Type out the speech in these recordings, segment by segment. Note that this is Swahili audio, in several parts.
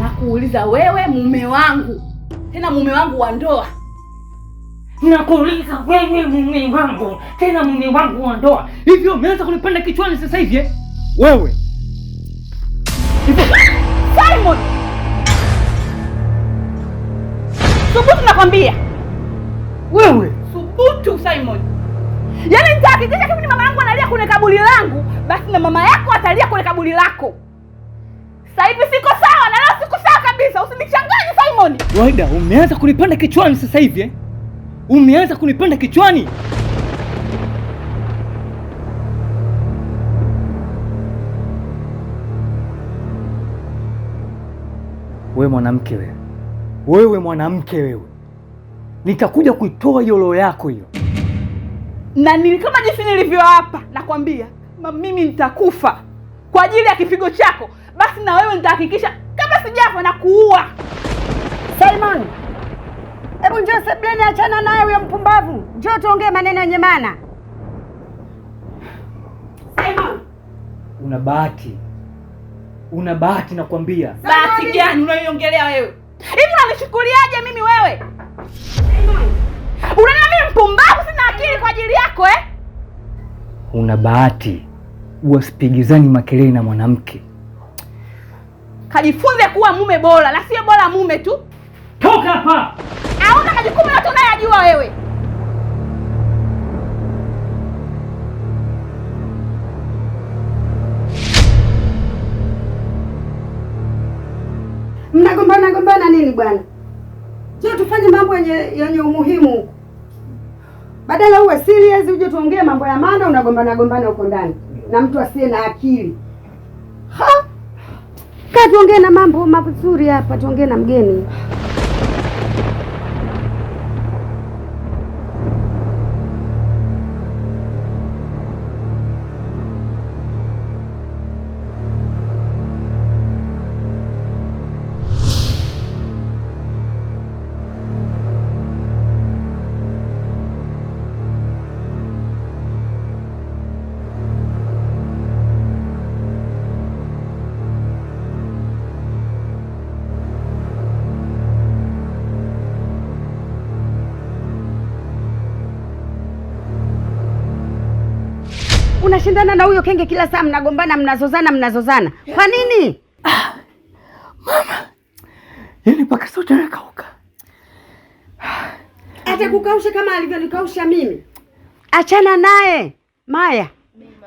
na kuuliza wewe, mume wangu, tena mume wangu wa ndoa, nakuuliza wewe, mume wangu, tena mume wangu wa ndoa, hivyo umeanza kunipanda kichwani sasa hivi eh? Wewe Simon, subutu nakwambia wewe, subutu Simon. Yaani nitahakikisha kama ni mama yangu analia kwenye kaburi langu, basi na mama yako atalia kwenye kaburi lako. Sasa hivi siko sawa na kabisa, usinichanganye Simon. Waida, umeanza kunipanda kichwani sasa hivi eh? Umeanza kunipanda kichwani. We mwanamke wewe, wewe mwanamke wewe, nitakuja kuitoa hiyo roho yako hiyo, na ni kama jinsi nilivyo hapa. Nakwambia mimi nitakufa kwa ajili ya kipigo chako, basi na wewe nitahakikisha sijafa na kuua. Simon, hebu njoo sebleni, achana naye huyo mpumbavu. Njoo tuongee maneno yenye maana. Simon, una bahati, una bahati nakwambia. Bahati gani unaiongelea wewe? Hivi unanichukuliaje mimi wewe? Unaona mimi mpumbavu, sina akili kwa ajili yako eh? Una bahati, wasipigizani makelele na mwanamke Kajifunze kuwa mume bora na sio bora mume tu. Toka hapa! Hauna majukumu yote unayajua wewe. Mnagombana gombana nini bwana? Je, tufanye mambo yenye umuhimu badala uwe serious uje tuongee mambo ya maana, unagombana gombana huko ndani na mtu asiye na akili. Kaa tuongee na mambo mazuri hapa, tuongee na mgeni. unashindana na huyo kenge kila saa, mnagombana, mnazozana, mnazozana kwa nini? Ah, mama, yani mpaka sauti nakauka. Atakukausha kama alivyonikausha mimi? Achana naye Maya,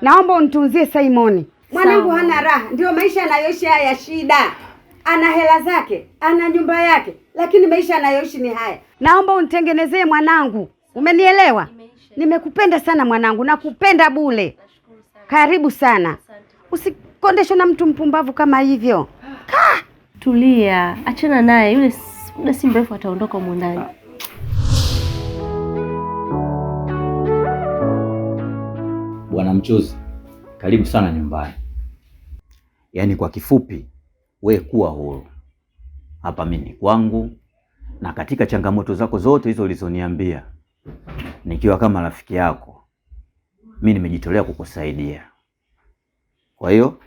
naomba unitunzie Simoni. Mwanangu hana raha, ndio maisha anayoishi haya ya shida. Ana hela zake, ana nyumba yake, lakini maisha anayoishi ni haya. Naomba unitengenezee mwanangu, umenielewa? Nimekupenda sana mwanangu, nakupenda Bule. Karibu sana, usikondeshwe na mtu mpumbavu kama hivyo. Ah. Ka! Tulia, achana naye yule, muda si mrefu ataondoka humo ndani. Bwana Mchuzi, karibu sana nyumbani. Yaani kwa kifupi, we kuwa huru hapa, mimi ni kwangu, na katika changamoto zako zote hizo ulizoniambia nikiwa kama rafiki yako, mi nimejitolea kukusaidia. Kwa hiyo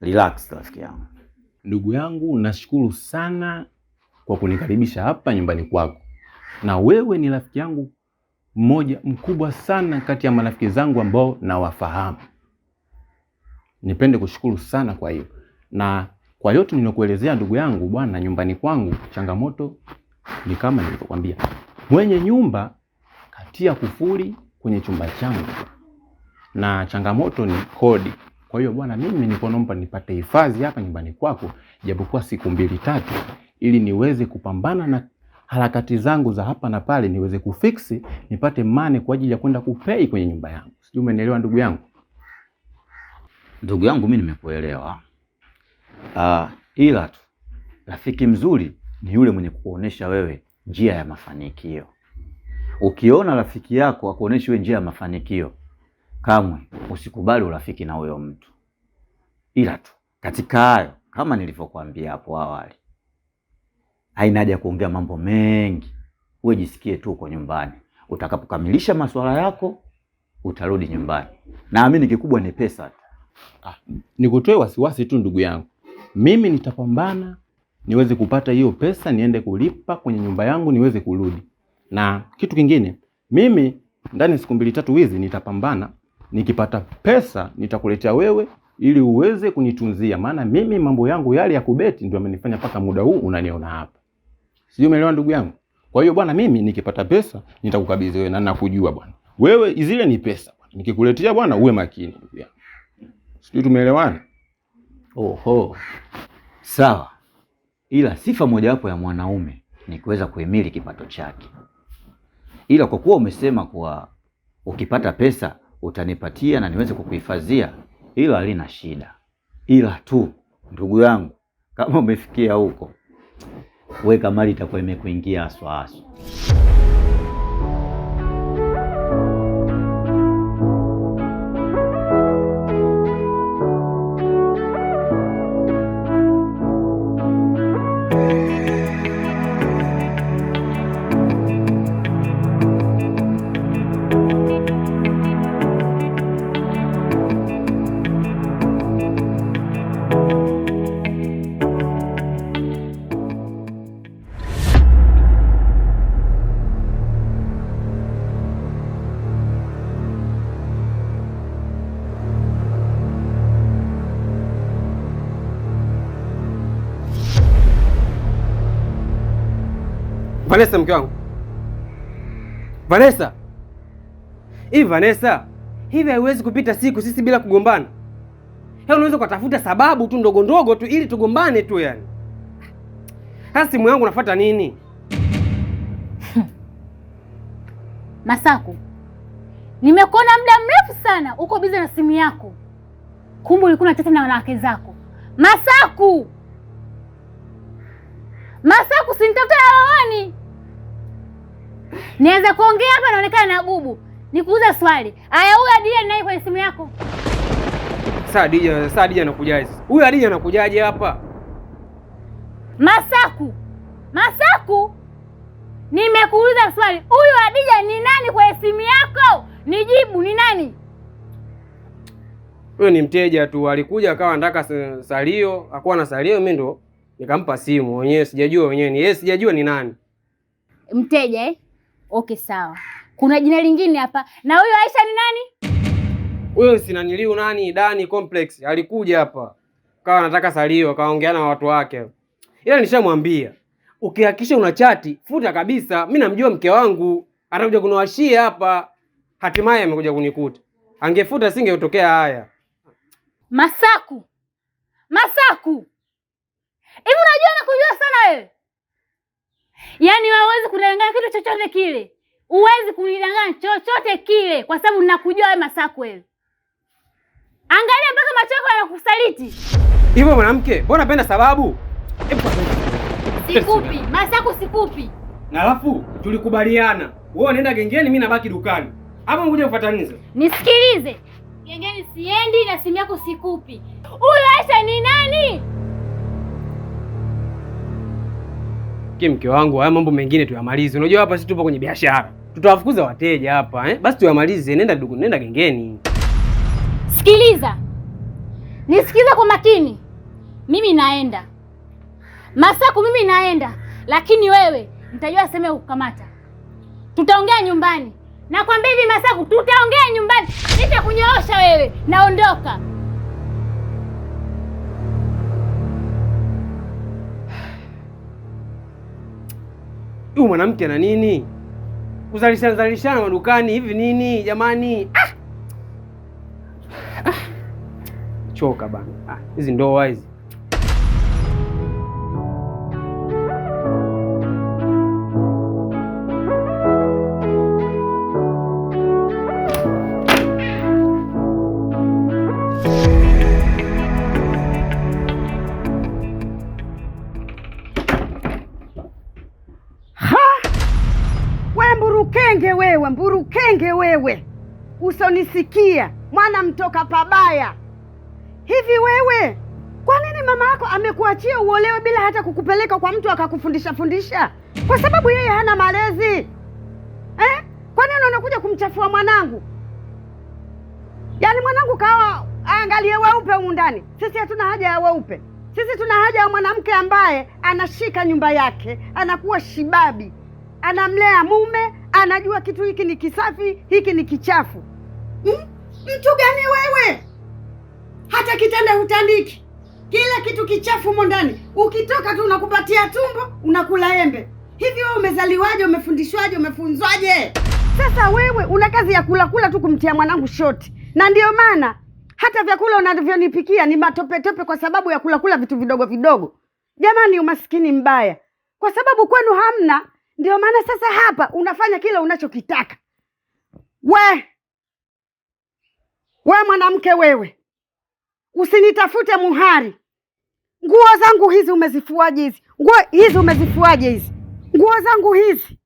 relax, rafiki yangu. Ndugu yangu, nashukuru sana kwa kunikaribisha hapa nyumbani kwako, na wewe ni rafiki yangu mmoja mkubwa sana kati ya marafiki zangu ambao nawafahamu. Nipende kushukuru sana kwa hiyo na kwa yote niliokuelezea ndugu yangu, bwana, nyumbani kwangu changamoto ni kama nilivyokwambia. Mwenye nyumba katia kufuri kwenye chumba changu na changamoto ni kodi. Kwa hiyo bwana, mimi nikonomba nipate hifadhi hapa nyumbani kwako, japokuwa siku mbili tatu, ili niweze kupambana na harakati zangu za hapa na pale, niweze kufiksi nipate mane kwa ajili ya kwenda kupei kwenye nyumba yangu. Sijui umenielewa ndugu yangu? Ndugu yangu, mimi nimekuelewa. Uh, ila tu rafiki mzuri ni yule mwenye kukuonesha wewe njia ya mafanikio. Ukiona rafiki yako akuoneshi wewe njia ya mafanikio, kamwe usikubali urafiki na huyo mtu, ila tu katika hayo, kama nilivyokuambia hapo awali, haina haja ya kuongea mambo mengi. Wewe jisikie tu uko nyumbani. Utakapokamilisha masuala yako utarudi nyumbani. Naamini kikubwa ni pesa Ah, nikutoe wasiwasi tu ndugu yangu, mimi nitapambana niweze kupata hiyo pesa, niende kulipa kwenye nyumba yangu, niweze kurudi. Na kitu kingine, mimi ndani siku mbili tatu hizi nitapambana, nikipata pesa nitakuletea wewe ili uweze kunitunzia, maana mimi mambo yangu yale ya kubeti ndio amenifanya mpaka muda huu unaniona hapa. Sijui umeelewa ndugu yangu? Kwa hiyo bwana, mimi nikipata pesa nitakukabidhi wewe, na nakujua bwana, wewe zile ni pesa bwana, nikikuletea bwana, uwe makini ndugu yangu. Sijui tumeelewana? Oho, sawa ila sifa mojawapo ya mwanaume ni kuweza kuhimili kipato chake. Ila kwa kuwa umesema kuwa ukipata pesa utanipatia na niweze kukuhifadhia, hilo halina shida, ila tu ndugu yangu, kama umefikia huko, weka mali itakuwa imekuingia haswa haswa. Vanessa, mke wangu Vanessa. Hivi Vanessa, hivi haiwezi kupita siku sisi bila kugombana. He, yaani unaweza kutafuta sababu tu ndogo ndogo tu ili tugombane tu yani. Sasa simu yangu nafuata nini? Masaku, nimekuona muda mrefu sana uko bize na simu yako, kumbe ulikuwa unachata na wanawake zako. Masaku, Masaku, sinitafuta niweza kuongea hapa naonekana na bubu. Nikuuza swali. Aya, huyu Adija ninaye kwenye simu yako. Sasa Adija, sasa Adija anakujaje? Huyu Adija anakujaje hapa? Masaku. Masaku. Nimekuuliza swali. Huyu Adija ni nani kwenye simu yako? Nijibu ni nani? Huyo ni mteja tu, alikuja akawa anataka salio, akawa na salio, mimi ndo nikampa simu. Wenyewe sijajua wenyewe ni yeye, sijajua ni nani. Mteja eh? Okay, sawa. Kuna jina lingine hapa. Na huyo Aisha ni nani? Huyo si naniliu nani Dani Complex alikuja hapa kawa anataka salio, kaongea na watu wake, ila nishamwambia ukihakikisha una chati futa kabisa. Mimi namjua mke wangu atakuja kuniwashia hapa, hatimaye amekuja kunikuta. Angefuta singeutokea haya. Masaku, Masaku, hivi unajua nakujua sana wewe Yaani wewe huwezi kudanganya kitu chochote kile, huwezi kunidanganya chochote kile, kwa sababu ninakujua wewe Masaku. Wewe angalia mpaka macho yako yanakusaliti hivyo. Mwanamke, mbona penda sababu? Sikupi Masaku, sikupi. Na alafu tulikubaliana, wewe unaenda gengeni, mimi nabaki dukani, hapo. ngoja ufatanize. Nisikilize, gengeni siendi na simu yako sikupi. Huyu Aisha ni nani? Ki mke wangu, haya mambo mengine tuyamalize. Unajua hapa sisi tupo kwenye biashara, tutawafukuza wateja hapa eh? Basi tuyamalize, nenda dugu, nenda gengeni. Sikiliza, nisikiliza kwa makini. Mimi naenda Masaku, mimi naenda, lakini wewe nitajua sema kukamata. Tutaongea nyumbani, nakwambia hivi Masaku, tutaongea nyumbani, nitakunyoosha wewe. Naondoka. huyu mwanamke ana nini? Kuzalishana zalishana madukani hivi nini jamani? Ah! Ah! Choka bana. Ah, hizi ndoa hizi. usonisikia mwana mtoka pabaya. Hivi wewe, kwa nini mama yako amekuachia uolewe bila hata kukupeleka kwa mtu akakufundisha fundisha? Kwa sababu yeye hana malezi eh? Kwa nini unakuja kumchafua mwanangu? Yaani mwanangu kawa aangalie weupe humu ndani. Sisi hatuna haja ya weupe, sisi tuna haja ya mwanamke ambaye anashika nyumba yake, anakuwa shibabi, anamlea mume, anajua kitu hiki ni kisafi, hiki ni kichafu mtugani hmm? mtu gani wewe? Hata kitanda hutandiki, kila kitu kichafu humo ndani. Ukitoka tu unakupatia tumbo, unakula embe. Hivi wewe umezaliwaje? Umefundishwaje? Umefunzwaje? Sasa wewe una kazi ya kula kula tu kumtia mwanangu shoti, na ndio maana hata vyakula unavyonipikia ni matopetope kwa sababu ya kulakula vitu vidogo vidogo. Jamani, umaskini mbaya, kwa sababu kwenu hamna. Ndio maana sasa hapa unafanya kila unachokitaka we We mwanamke wewe, usinitafute muhari. Nguo zangu hizi umezifuaje? Hizi nguo hizi umezifuaje? Hizi nguo zangu hizi,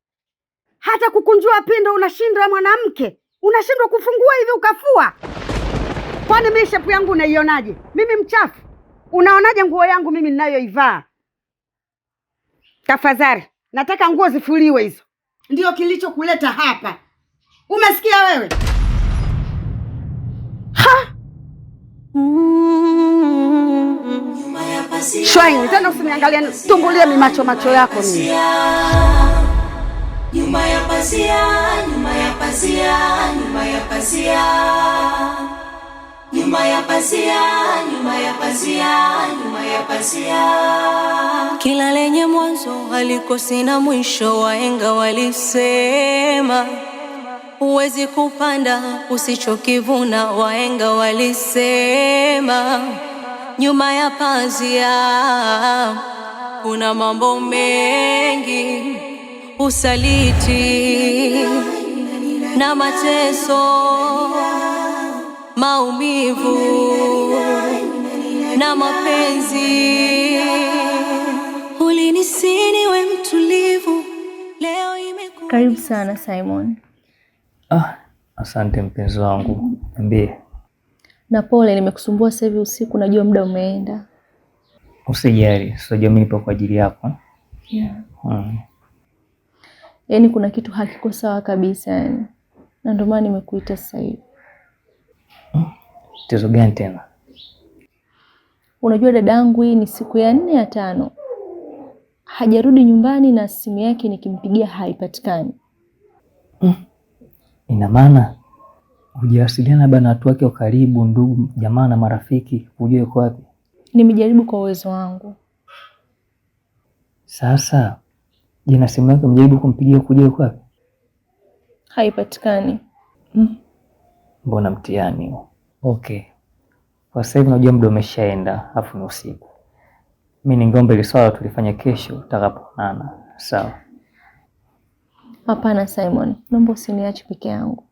hata kukunjua pindo unashindwa, mwanamke unashindwa kufungua hivi ukafua. Kwani mimi shepu yangu unaionaje? Mimi mchafu unaonaje nguo yangu mimi ninayoivaa? Tafadhali nataka nguo zifuliwe hizo. Ndio kilichokuleta hapa, umesikia wewe? Shwaini, tena usiniangalia, tumbulia mi macho macho yako mimi. Nyuma ya pazia, nyuma ya pazia, nyuma ya pazia. Nyuma ya pazia, nyuma ya pazia, nyuma ya pazia. Kila lenye mwanzo halikosi na mwisho, wahenga walisema huwezi kupanda usichokivuna. waenga walisema nyuma ya pazia kuna mambo mengi, usaliti na mateso, maumivu na mapenzi. Ulinisini we mtulivu, leo imekuwa. Karibu sana Simon. Ah, asante mpenzi wangu, niambie. Na pole, nimekusumbua sasa hivi usiku, najua muda umeenda. Usijali, sijajua mimi nipo kwa ajili yako. Yeah. Hmm. Yaani kuna kitu hakiko sawa kabisa yani, na ndio maana nimekuita sasa hivi. Hmm. Tatizo gani tena? Unajua dadangu, hii ni siku ya nne ya tano hajarudi nyumbani na simu yake nikimpigia haipatikani. Hmm. Ina maana hujawasiliana labda na watu wake wa karibu, ndugu, jamaa na marafiki, hujua uko wapi? Nimejaribu kwa uwezo wangu. Sasa je, na simu yake umejaribu kumpigia kujue uko wapi? Haipatikani. Hmm. Mbona mtihani huo? Okay, kwa sasa hivi najua muda umeshaenda, afu ni usiku. Mimi ningeomba ile swala tulifanya kesho utakapoonana, sawa? Hapana Simon, naomba usiniache peke yangu.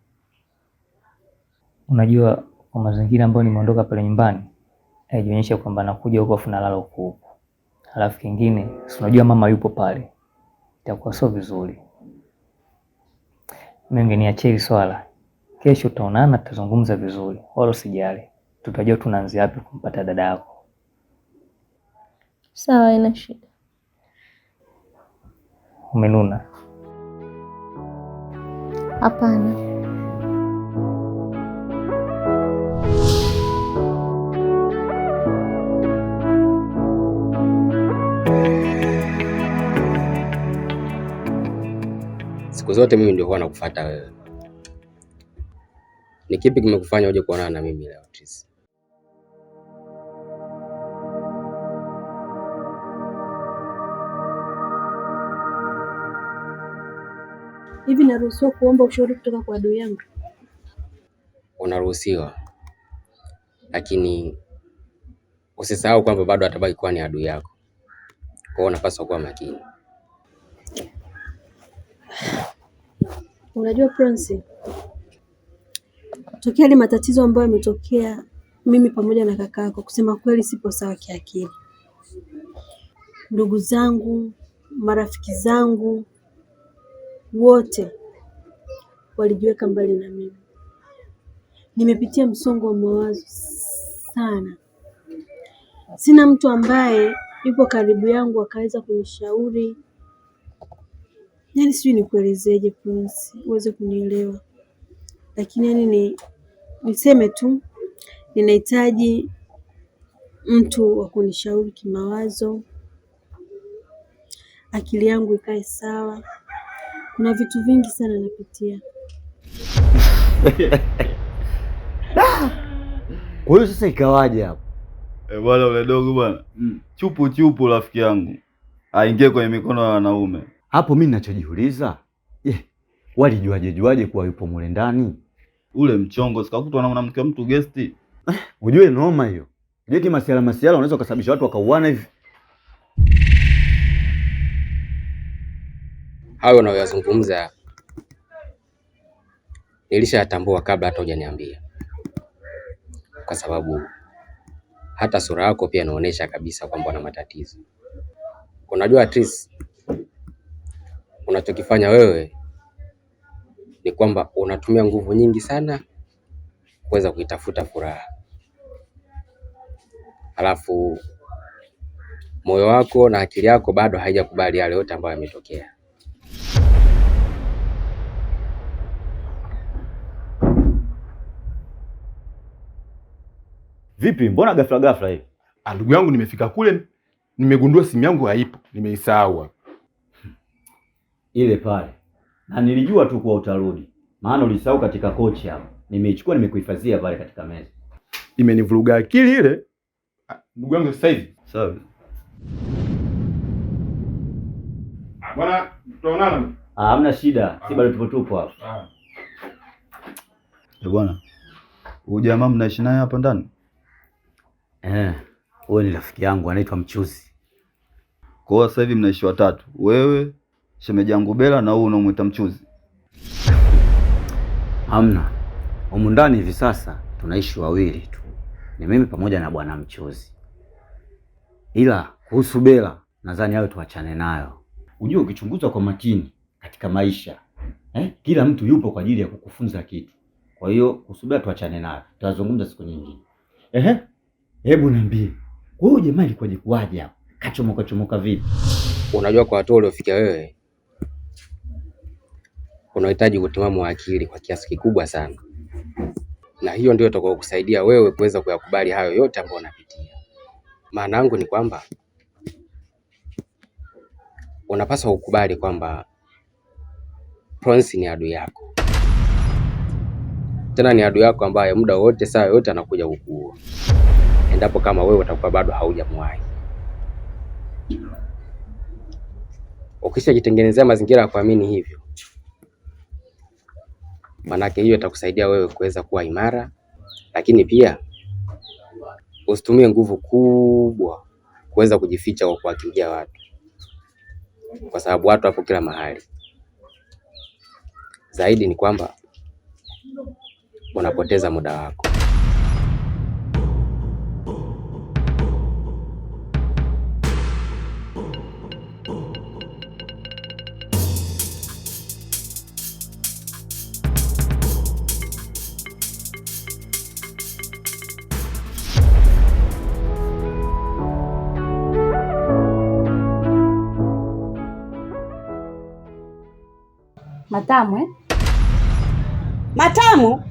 Unajua, kwa mazingira ambayo nimeondoka pale nyumbani, haijionyesha kwamba nakuja huko afu nalala huko huko. Alafu kingine, si unajua mama yupo pale, itakuwa sio vizuri. Mimi niachie swala, kesho tutaonana, tutazungumza vizuri, wala usijali, tutajua tunaanzia wapi kumpata dada yako. Sawa, ina shida. Umenuna? Hapana. Siku zote mimi ndio huwa nakufuata wewe. Ni kipi kimekufanya uje kuonana na mimi leo Trisi? Hivi naruhusiwa kuomba ushauri kutoka kwa adui yangu? Unaruhusiwa, lakini usisahau kwamba bado atabaki kuwa ni adui yako. Kwa hiyo unapaswa kuwa makini. Unajua Prince, tokea ile matatizo ambayo yametokea, mimi pamoja na kaka yako, kusema kweli sipo sawa kiakili. Ndugu zangu, marafiki zangu wote walijiweka mbali na mimi. Nimepitia msongo wa mawazo sana, sina mtu ambaye yupo karibu yangu akaweza kunishauri. Yani sijui nikuelezeje Prince uweze kunielewa, lakini yani ni niseme tu ninahitaji mtu wa kunishauri kimawazo, akili yangu ikae sawa. Kuna vitu vingi sana napitia. Kwa hiyo sasa ikawaje hapo? Eh, bwana ule dogo bwana. Mm. Chupu chupu rafiki yangu. Aingie kwenye mikono ya wanaume. Hapo mimi ninachojiuliza, je, walijuaje juaje kuwa yupo mule ndani? Ule mchongo sikakutwa na mwanamke mtu guest. Eh, ujue noma hiyo. Je, kimasiala masiala unaweza kusababisha watu wakauana hivi? hayo unayoyazungumza nilishayatambua kabla hata hujaniambia, kwa sababu hata sura yako pia inaonyesha kabisa kwamba una matatizo. Unajua Tris, unachokifanya wewe ni kwamba unatumia nguvu nyingi sana kuweza kuitafuta furaha, halafu moyo wako na akili yako bado haijakubali yale yote ambayo yametokea. Vipi, mbona ghafla ghafla hivi? Ah, ndugu yangu, nimefika kule nimegundua simu yangu haipo, nimeisahau ile pale, na nilijua tu kuwa utarudi, maana ulisahau katika kochi hapo. Nimeichukua nimekuhifadhia pale katika meza. Imenivuruga akili ile, ah, ndugu yangu. Sasa hivi sawa bwana, tutaonana. Ah, hamna shida, si ah. bado tupo tupo hapo eh, bwana. Huyu jamaa mnaishi naye hapa ndani? Eh, Huyo ni rafiki yangu anaitwa Mchuzi. Kwa hiyo sasa hivi mnaishi watatu, wewe, shemeji yangu Bela na huyu unaomwita Mchuzi? Hamna, humu ndani hivi sasa tunaishi wawili tu, ni mimi pamoja na bwana Mchuzi. Ila kuhusu Bela nadhani hayo tuachane nayo. Unajua, ukichunguza kwa makini katika maisha eh, kila mtu yupo kwa ajili ya kukufunza kitu. Kwa hiyo kusubira, tuachane nayo, tutazungumza siku nyingine. Ehe. Hebu niambie, wewe huyu jamaa ilikuwaje kuwaje hapo? Kachomoka chomoka vipi? Unajua, kwa hatua uliofikia wewe unahitaji utimamu wa akili kwa kiasi kikubwa sana, na hiyo ndio itakayokusaidia wewe kuweza kuyakubali hayo yote ambayo unapitia. Maana yangu ni kwamba unapaswa kukubali kwamba Prince ni adui yako, tena ni adui yako ambaye muda wote saa yote anakuja kukuua endapo kama wewe utakuwa bado haujamwahi. Ukishajitengenezea mazingira ya kuamini hivyo, manake hiyo itakusaidia wewe kuweza kuwa imara, lakini pia usitumie nguvu kubwa kuweza kujificha kwa kuwakimbia watu, kwa sababu watu hapo kila mahali. Zaidi ni kwamba unapoteza muda wako. Matamu eh? Matamu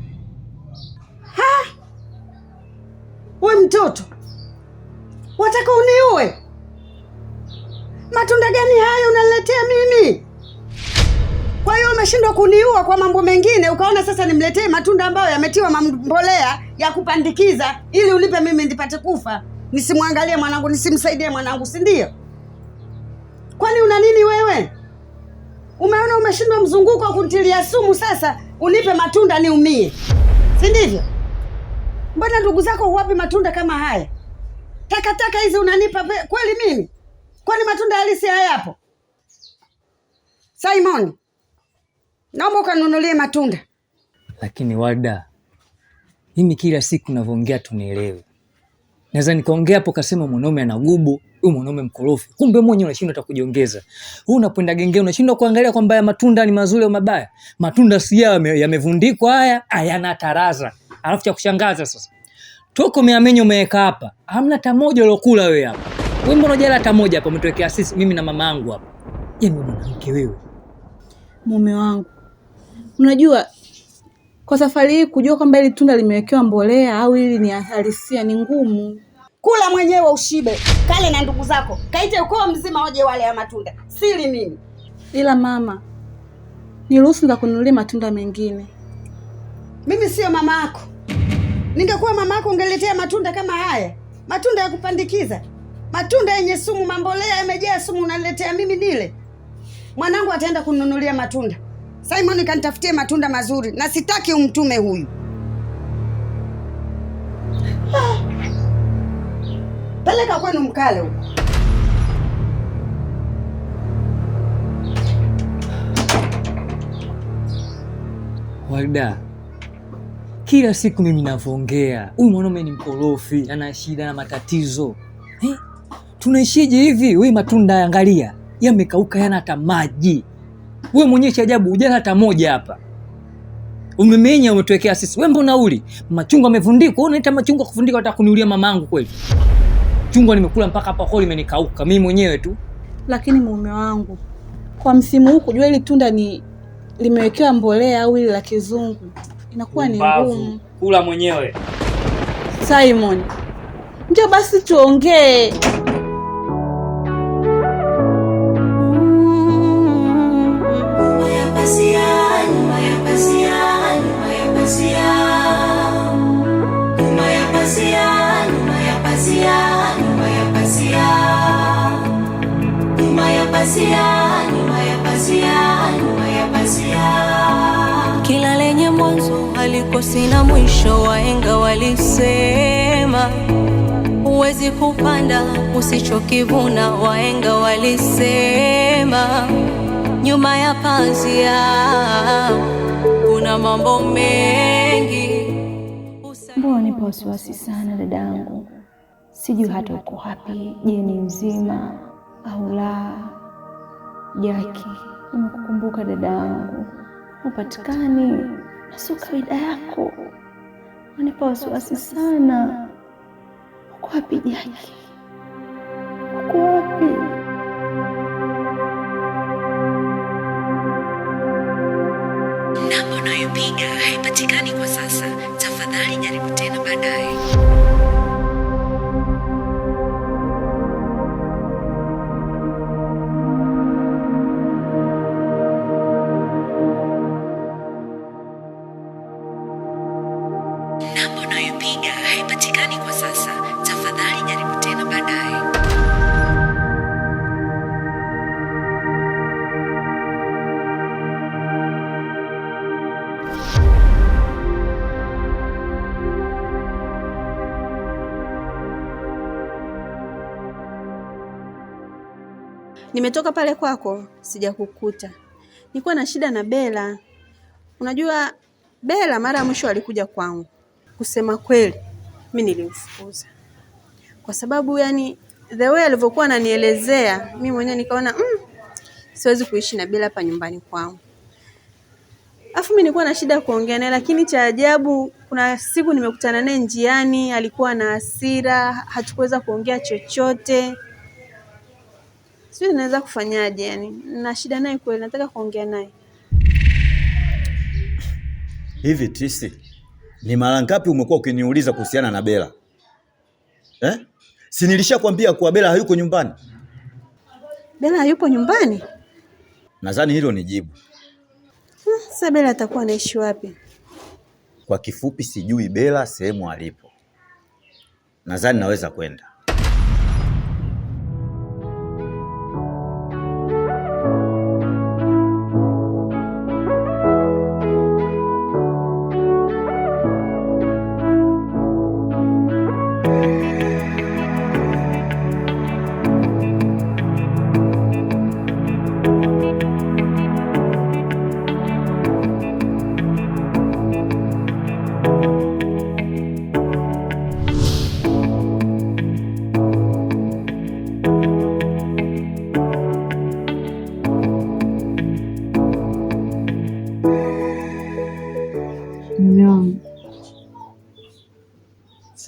ha? We mtoto, wataka uniue? Matunda gani hayo unaniletea mimi? Kwa hiyo umeshindwa kuniua kwa mambo mengine, ukaona sasa nimletee matunda ambayo yametiwa mambolea ya kupandikiza ili ulipe mimi ndipate kufa, nisimwangalie mwanangu, nisimsaidie mwanangu, si ndio? Kwani una nini wewe? Umeona umeshindwa mzunguko wa kuntilia sumu, sasa unipe matunda niumie, si ndivyo? Mbona ndugu zako huwapi matunda kama haya? Takataka hizi unanipa kweli mimi? Kwani matunda halisi hayapo? Simon, naomba ukanunulie matunda. Lakini Warda, mimi kila siku navyoongea tunielewe. Naweza nikaongea hapo kasema mwanaume ana gubu, huyu mwanaume mkorofi, kumbe mwenye unashindwa hata kujiongeza. Wewe unapenda genge unashindwa kuangalia kwamba ya matunda ni mazuri au mabaya. Matunda si yamevundikwa, ya haya hayana taraza. Alafu cha kushangaza sasa, toko meamenyo umeweka hapa, hamna hata moja uliokula wewe hapa. Wewe mbona hujala hata moja hapa? Umetokea sisi mimi na mama yangu hapa. Je, yaani mwanamke wewe? Mume wangu, unajua kwa safari hii kujua kwamba hili tunda limewekewa mbolea au ili ni halisia ni ngumu. Kula mwenyewe ushibe, kale na ndugu zako, kaite ukoo mzima waje wale ya matunda, sili mimi. Ila mama, niruhusu kununulia matunda mengine. Mimi sio mama yako. Ningekuwa mama yako ungeletea matunda kama haya, matunda ya kupandikiza, matunda yenye sumu, mambolea yamejaa sumu, unaletea mimi nile? Mwanangu ataenda kununulia matunda. Simon kanitafutie matunda mazuri, na sitaki umtume huyu. peleka kwenu mkale huko. Warda, kila siku mimi navongea huyu mwanaume ni mkorofi, ana shida na matatizo eh? Tunaishije hivi? We matunda angalia, yamekauka yana hata maji. We mwenyeshi ajabu hujala hata moja hapa, umemenya umetuwekea sisi. We mbona uli machungwa amevundikwa, unaita machungwa kuvundika? hata kuniulia mamangu kweli? chungwa nimekula mpaka hapa koo limenikauka mimi mwenyewe tu. Lakini mume wangu, kwa msimu huu kujua hili tunda ni limewekewa mbolea au hili la kizungu inakuwa ni ngumu. Kula mwenyewe Simon, ndio basi tuongee. pazia, nyuma ya pazia, nyuma ya pazia. Kila lenye mwanzo halikosi na mwisho, wahenga walisema huwezi kupanda usichokivuna, wahenga walisema nyuma ya pazia kuna mambo mengi. Mbona nipo wasiwasi sana dadangu, sijui hata uko wapi. Je, ni mzima au la? Jaki, nimekukumbuka dada yangu, upatikani na sio kawaida yako, unipa wasiwasi sana. Uko wapi Jaki? Nimetoka pale kwako sijakukuta, nilikuwa na shida na Bela. Unajua Bela mara ya mwisho alikuja kwangu, kusema kweli mimi nilimfukuza kwa sababu yani the way alivyokuwa ananielezea mimi mwenyewe nikaona mm, siwezi kuishi na Bela hapa nyumbani kwangu. Afu mimi nilikuwa na shida ya kuongea naye, lakini cha ajabu, kuna siku nimekutana naye njiani, alikuwa na hasira, hatukuweza kuongea chochote sijui naweza kufanyaje yani. Na shida naye kweli, nataka kuongea naye. Hivi Tisi, ni mara ngapi umekuwa ukiniuliza kuhusiana na Bela eh? Si nilishakwambia kuwa Bela hayuko nyumbani. Bela hayupo nyumbani? Nadhani hilo ni jibu. Hmm, sasa Bela atakuwa anaishi wapi? Kwa kifupi, sijui Bela sehemu alipo. Nadhani naweza kwenda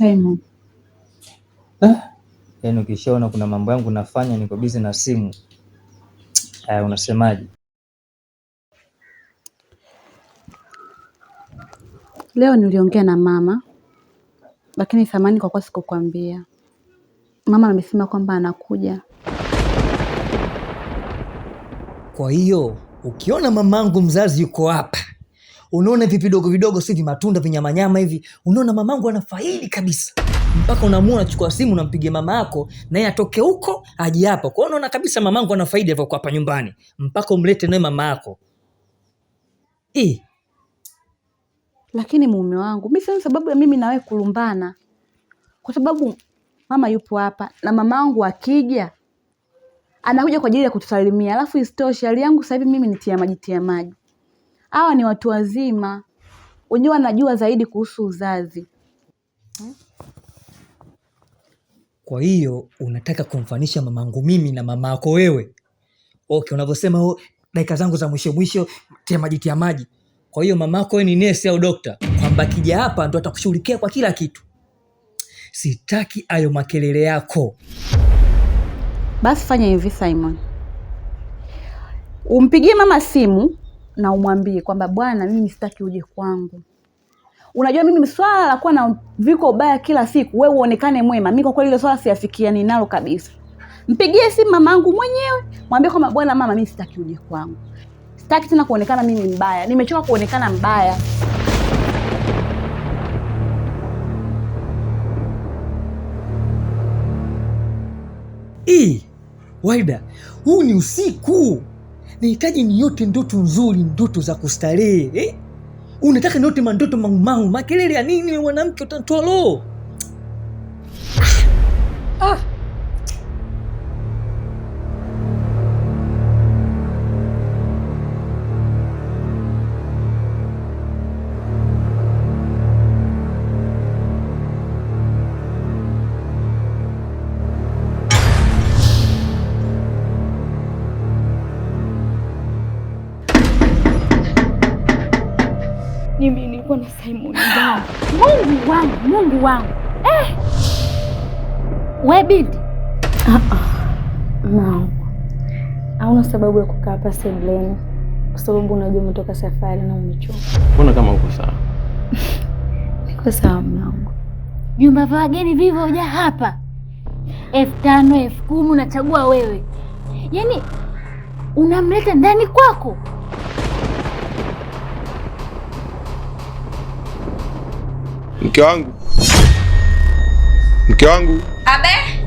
Simon. Eh, yaani ukishaona kuna mambo yangu nafanya, niko busy na simu. Haya, eh, unasemaje? Leo niliongea na mama, lakini thamani kwa kuwa sikukwambia. Mama amesema kwamba anakuja. Kwa hiyo ukiona mamangu mzazi yuko hapa unaona hivi vidogo vidogo, si vimatunda vinyamanyama hivi, unaona mamangu anafaili kabisa mpaka unaamua unachukua simu unampigia mama yako yeye atoke huko aje hapa. Kwa unaona kabisa mamangu ana faida hivyo hapa nyumbani, mpaka umlete naye mama yako. E, lakini mume wangu mimi sioni sababu ya mimi na wewe kulumbana, kwa sababu mama yupo hapa na mama yangu akija anakuja kwa ajili ya kutusalimia, alafu isitoshe hali yangu sasa hivi mimi nitia maji tia maji hawa ni watu wazima, wenyewe wanajua zaidi kuhusu uzazi. Kwa hiyo unataka kumfanisha mamangu mimi na mama yako wewe? Okay, unavyosema dakika zangu za mwisho mwisho, tia maji, tia maji. Kwa hiyo mama yako ni nesi au dokta, kwamba akija hapa ndo atakushughulikia kwa kila kitu? Sitaki ayo makelele yako. Basi fanya hivi Simon, umpigie mama simu na umwambie kwamba Bwana, mimi sitaki uje kwangu. Unajua, mimi swala la kuwa na viko ubaya kila siku, wewe uonekane mwema, mimi kwa kweli ile swala siafikiani nalo kabisa. Mpigie simu mamangu mwenyewe, mwambie kwamba bwana, mama, mimi sitaki uje kwangu, sitaki tena kuonekana mimi mbaya, nimechoka kuonekana mbaya. Ii, Waida, huu ni usiku nihitaji niote ndoto nzuri, ndoto za kustarehe eh? Unataka niote mandoto maumau makelele ya nini? Mwanamke utanitoa roho wangu Simon Mungu wangu, Mungu wangu eh. We binti uh -uh. Hauna sababu ya kukaa hapa sebuleni kwa sababu unajua umetoka safari na umechoka. Mbona kama uko sawa? Niko sawa mwanangu. Vyumba vya wageni vivyoja hapa elfu tano elfu kumi unachagua wewe, yaani unamleta ndani kwako Mke wangu, mke wangu. Abe.